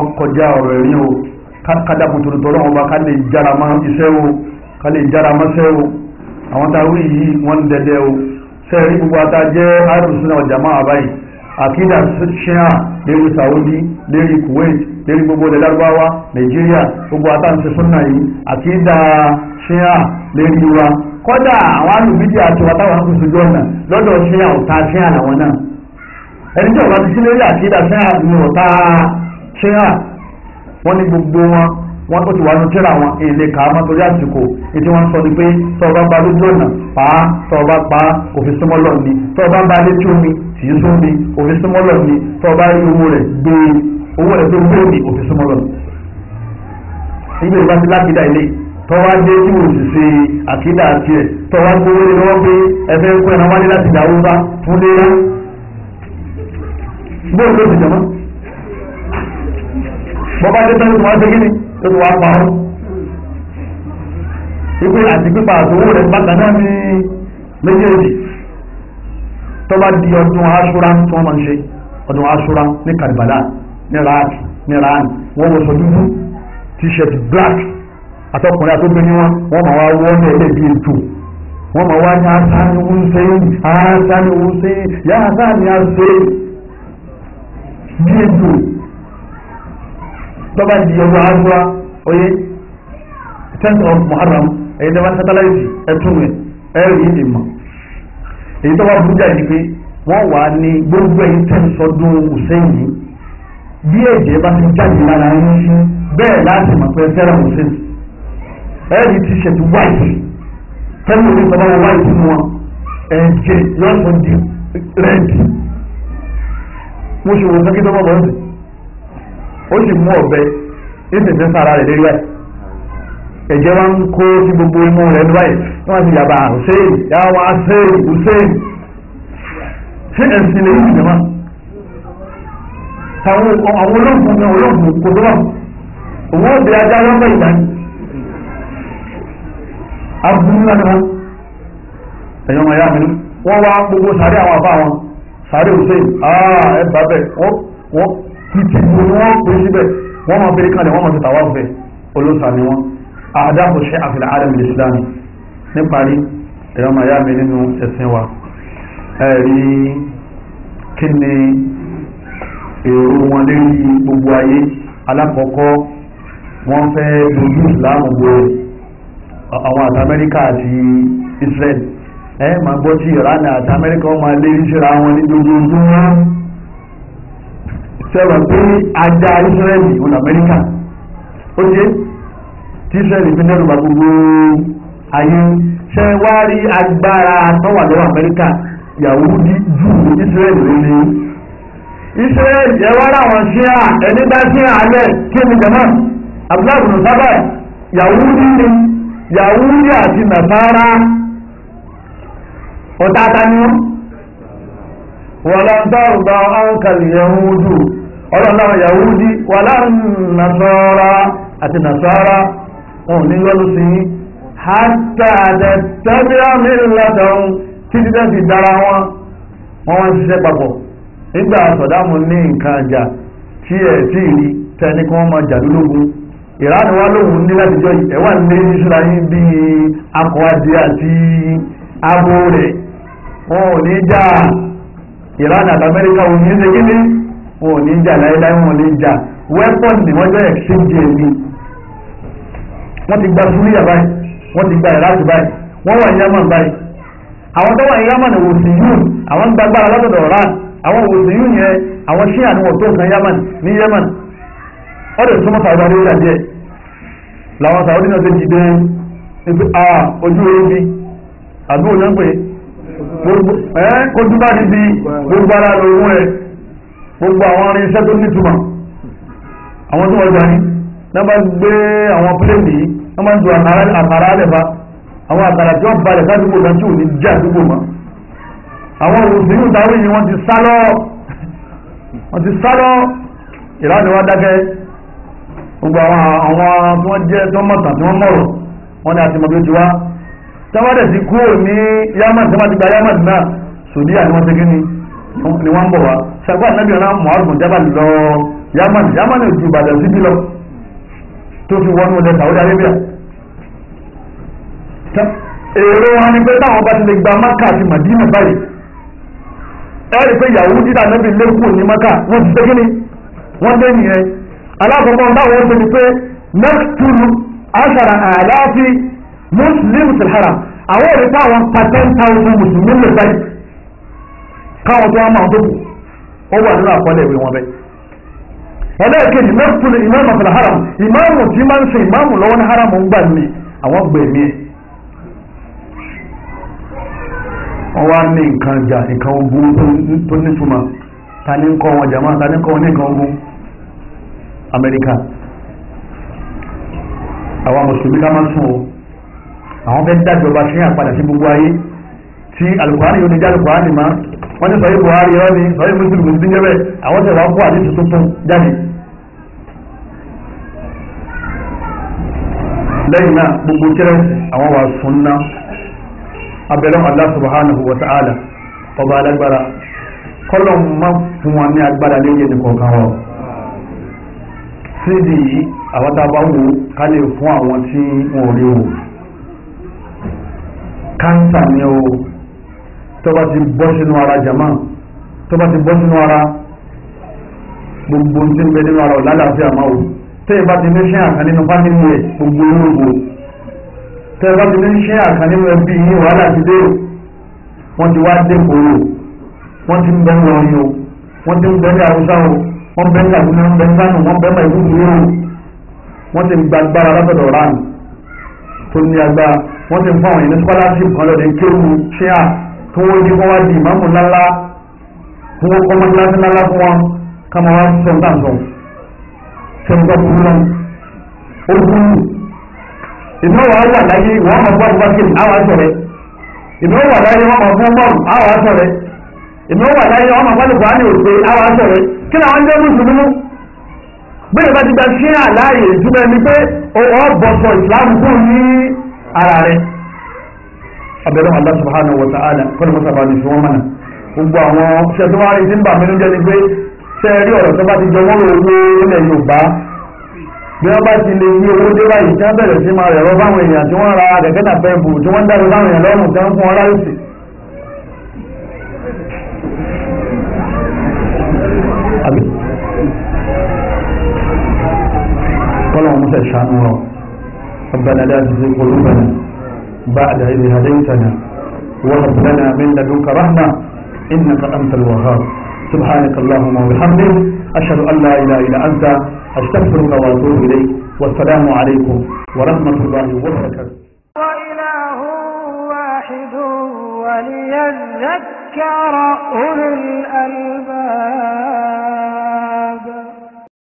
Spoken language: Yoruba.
ọkọjá ọ̀rọ̀ ẹ̀rí o kákàdá kòtòrò tọ́lọ́ wọn bá ká lè jára mọ́ iṣẹ́ o ká lè jára mọ́ o àwọn tá a wí yìí wọ́n ń o sẹ́ẹ̀rí gbogbo ata jẹ́ arúgbó ọjà máa àkídà ṣíà lérí Saudi lérí Kuwait lérí gbogbo ilẹ̀ lárúbáwá Nàìjíríà gbogbo ata ń ṣe súnà yìí àkídà ṣíà lérí wa kọ́dà àwọn alùpùpù àti lọ́dọ̀ ṣíà ọ̀tá ṣíà ṣéhà wọ́n ní gbogbo wọn wọ́n tó ti wà nínú tíra wọn èlé kà á má torí àsìkò ètò wọn sọ ni pé tọ́ọ̀bá ba lójú ọ̀nà pa á tọ́ọ̀bá pa á òfin súnmọ́ lọ ni tọ́ọ̀bá ba létí omi tì í sún ni òfin súnmọ́ lọ ni tọ́ọ̀bá owó rẹ̀ gbé owó rẹ̀ tó gbé ni òfin súnmọ́ lọ. ibi ìbá ti lákìdá ilé tọ́wá dé tí mo sì ṣe àkídà tiẹ̀ tọ́wá gbówó lé lọ́wọ́ pé ẹ̀fẹ́ ń pẹ́ náà wálé láti dàwó bá fún léra. ti jẹ mọ́ bọ́bá dé tán tó wá ṣe kíni tó tó wá pa ọ́ wípé àti pípa àtòwò rẹ̀ bákan náà ní méjèèjì tó bá di ọdún aṣúra tí wọ́n máa ń ṣe ọdún aṣúra ní Karbala ní raaki ní raani wọ́n wọ sọ dúdú t-shirt black àtọkùnrin àtọkùnrin wọn wọ́n máa wá wọ́n ní ẹlẹ́bí ètò wọ́n máa wá ní asáni wúnsẹ́yìn asáni wúnsẹ́yìn yá asáni aṣẹ́ bí ètò tọ́ba di ọjọ́ àdúrà oyè tenth of muharram ẹ̀yin tẹ́wọ́n sátáláìtì ẹ̀tún rẹ̀ ẹ̀rù ndị lè mọ̀ èyí tọ́ba wọ́n wà ní gbogbo ẹ̀yin tenth ọdún hussein yìí bí ẹ̀jẹ̀ bá ti jáde lára yín bẹ́ẹ̀ láti mọ̀ pé fẹ́ràn ti white tẹ́lẹ̀ orí tọ́ba white mu wọn ẹ̀jẹ̀ red ó sì mú ọ̀bẹ ìsìnkú sára rẹ̀ lérí ẹ̀ ẹ̀jẹ̀ wa ń kó sí gbogbo imú rẹ̀ ní báyìí wọ́n ti yàbá hussein yàwá hussein hussein ṣé ẹ̀sìn lè yí ìjọba àwọn olóògùn ní olóògùn kò tó wà òun ò bẹ ajá lọ́pọ̀ ìgbà ni aburú náà ni wọn ẹ̀yọ́ ọmọ ìyá mi ní wọ́n wá gbogbo sàárẹ̀ àwọn àbá wọn sàárẹ̀ hussein ẹ̀ bàbẹ̀ wọ́n títí ni wọ́n pè síbẹ̀ wọ́n máa bẹ̀rẹ̀ kalẹ̀ wọ́n máa tẹ̀tà wá fẹ́ olóòsà ni wọ́n àdáàbò ṣe àfihàn àdàmì ìsìlámù níparí ẹ̀rọ máa yá mi nínú ẹ̀sìn wa ẹ̀rí kí ni èrò wọn lórí gbogbo ayé alákọ̀ọ́kọ́ wọ́n fẹ́ dojú ìsìlámù bo àwọn àti amẹ́ríkà àti israel ẹ̀ máa gbọ́ tí ìránà àti amẹ́ríkà wọ́n máa lé ìṣẹ́ra wọn ní dojoojúmọ́ sẹ́wà pé ajá Ísírẹ́lì òun Amẹ́ríkà ó ṣe tí Ísírẹ́lì fi dẹ́rù bá gbogbo ayé ṣe wá rí agbára tọ́wà lọ́wọ́ Amẹ́ríkà Yàhúdí jù Ísírẹ́lì ló ní. Ísírẹ́lì ẹ wá láwọn sí à ẹni bá sí àlẹ́ kí ni jẹ̀mọ́ Abdullahi bin Sábà Yàhúdí ni Yàhúdí àti Nàsárà ọ̀tá ta ni wọ́n. ولن ترضى عنك اليهود ọlọ́láwọ̀ yahudi wà láàrin nasara àti nasara wọn ní yọ́lú sí yí hátà àdẹ̀tẹ́bíà mìíràn látàrún títí tẹ́ fi dára wọn wọ́n wọ́n ṣiṣẹ́ papọ̀ nígbà sọ̀dámù ní nǹkan àjà tí ẹ̀ tí tẹni kí wọ́n máa jà lólógún ìránù wa lóhùn ní láti jọ ní ìṣúra yín akọ adìẹ àti abo rẹ̀ wọn ò ní já ìránù àti amẹ́ríkà ṣe kí ni wọn ò ní jà láéláé wọn ò ní jà weapon ni wọ́n jẹ́ exchange ẹ̀mí wọ́n ti gba súríyà báyìí wọ́n ti gba ìráàtì báyìí wọ́n wà yamani báyìí àwọn tó wà yamani wò sí yún àwọn ń gbàgbára látọ̀dọ̀ ọ̀rá àwọn wò sí yún yẹn àwọn tó nǹkan yamani ojú gbogbo àwọn irinṣẹ́ tó nítumọ̀ àwọn tó wọ́n jà ní wọ́n bá gbé àwọn pílẹ̀nì yìí wọ́n máa ń ju àkàrà alẹ́ bá àwọn àkàrà tí wọ́n balẹ̀ sádùúgbò kan tí ò ní jẹ́ àdúgbò mọ́ àwọn òṣèlú yóò dáwọ́ yìí wọ́n ti sá lọ wọ́n ti sá lọ ìlànà wọn dákẹ́ gbogbo àwọn àwọn tí wọ́n jẹ́ tí wọ́n mọ̀tàn tí wọ́n mọ̀rọ̀ wọ́n ní àti mọ̀ tó ti wá tí wọ́n bá ni wọ́n ń bọ̀ wá ṣàgbọ́n ànábì ọ̀nà mọ̀ọ́dún jábàlì lọ yamani yamani ò ju ìbàdàn síbí lọ tó fi wọnú ilẹ̀ Saudi Arabia èrò wọn ni pé táwọn bá ti lè gba Maka àti Madina báyìí ẹ̀rí pé Yahudi dídà níbi lẹ́kùn ní Maka wọ́n ti dé kíni wọ́n dé nìyẹn alákọ̀ọ́kọ́ báwọn ó ṣe ni pé next two asara àlàáfi muslim sahara àwọn èrè pé àwọn pa ten thousand muslim lè báyìí káwọn tó wá máa tó kù ó wà nínú àkọọ́lẹ̀ ìwé wọn bẹ́ẹ̀. ẹlẹ́ẹ̀kejì mẹ́tùlù ìmáàmù àfẹlẹ̀ haram ìmáàmù tí máa ń sin ìmáàmù lọ́wọ́ ní haram ń gbà ní àwọn gbẹ̀mí ẹ̀. wọ́n wá ní nǹkan jà nǹkan ogun tó nítumọ̀ ta ní kọ́ wọn jàmá ta ní kọ́ wọn ní nǹkan ogun Amẹ́ríkà àwọn mùsùlùmí ká máa sùn o àwọn fẹ́ dájọba sí àpadà sí gbogbo ayé tí alùpàá ni yóò ní wọ́n ní sọ̀yìn buhari rọ́ ni sọ̀yìn muslim kò sí yẹ́bẹ̀ àwọn tẹ̀ wá kó àdìsí tuntun jáde. lẹ́yìn náà gbogbo tẹ́rẹ́ àwọn wà sunna abẹ́rẹ́ Allah subhanahu wa ta'ala ọba alágbára kọ́lọ̀ má fún wa ní agbára lẹ́yìn ẹni kọ̀ọ̀kan wa sídi yìí àwọn a bá wò ká lè fún àwọn tí wọn ò rí wò káńtà ni o tọ́ba ti bọ́ sínú ara jama tọ́ba ti bọ́ sínú ara gbogbo tí ń bẹ nínú ara ọ̀làlàáfíà máa wò tẹ́yẹ̀ bá ti ní ṣẹ́ àkàn nínú fámìlì rẹ̀ gbogbo olóògbò tẹ́yẹ̀ bá ti ní ṣẹ́ àkàn nínú ẹbí yìí wàhálà ti dé wọ́n ti wá dé kòrò wọ́n ti ń bẹ ní ọyọ wọ́n ti ń bẹ ní àwùjá o wọ́n bẹ ní àwùjá wọ́n bẹ ní kánò wọ́n bẹ ní ìlú o wọ́n ti gba agbára látọ̀dọ̀ ránù tó ní agbára wọ́n ti fún àwọn ìyẹn tí wọ́n jí kọ́ wá di ìmáàmù ńláńlá tí wọ́n kọ́ mọ́tíláṣí n'ala fún wọn ká wa wá sọ nǹkan sọ sẹ́ńtọ́ burú náà ó burú ìnáwó àwọn àláyé wọ́n máa bọ́ àdúgbàkì àwọn àṣọrẹ́ ìnáwó àláyé wọ́n máa fún bọ́ọ̀lù àwọn àṣọrẹ́ ìnáwó àláyé wọ́n máa fọ́lùkọ́ á ní òṣè àwọn àṣọrẹ́ kí làwọn ń jẹ́ pé bọ̀ sọ ìsìlámù ní ara abẹ́rẹ́ Allah subhanahu wa ta'ala kọ́ ló sábà ní fún wọn mọ̀nà gbogbo àwọn ṣe tó wáá rí sí ń bà mí ló jẹ́ ni pé ṣe é rí ọ̀rọ̀ tó bá ti jọ wọ́n lò owó ilẹ̀ Yorùbá bí wọ́n bá ti lè yí owó dé báyìí tí wọ́n bẹ̀rẹ̀ sí máa rẹ̀ fáwọn èèyàn tí wọ́n ra kẹ̀kẹ́ tàbẹ́ bù tí wọ́n dáre fáwọn èèyàn lọ́rùn tí wọ́n fún ọlá òsì. kọ́lọ̀ wọn mú sẹ̀ ṣàánú wọn ọgbẹ́ni adájú sí olúfẹ́ni. بعد إذ هديتنا وهب لنا من لدنك رحمة إنك أنت الوهاب سبحانك اللهم وبحمدك أشهد أن لا إله إلا أنت أستغفرك وأتوب إليك والسلام عليكم ورحمة الله وبركاته وإله واحد وليذكر أولي الألباب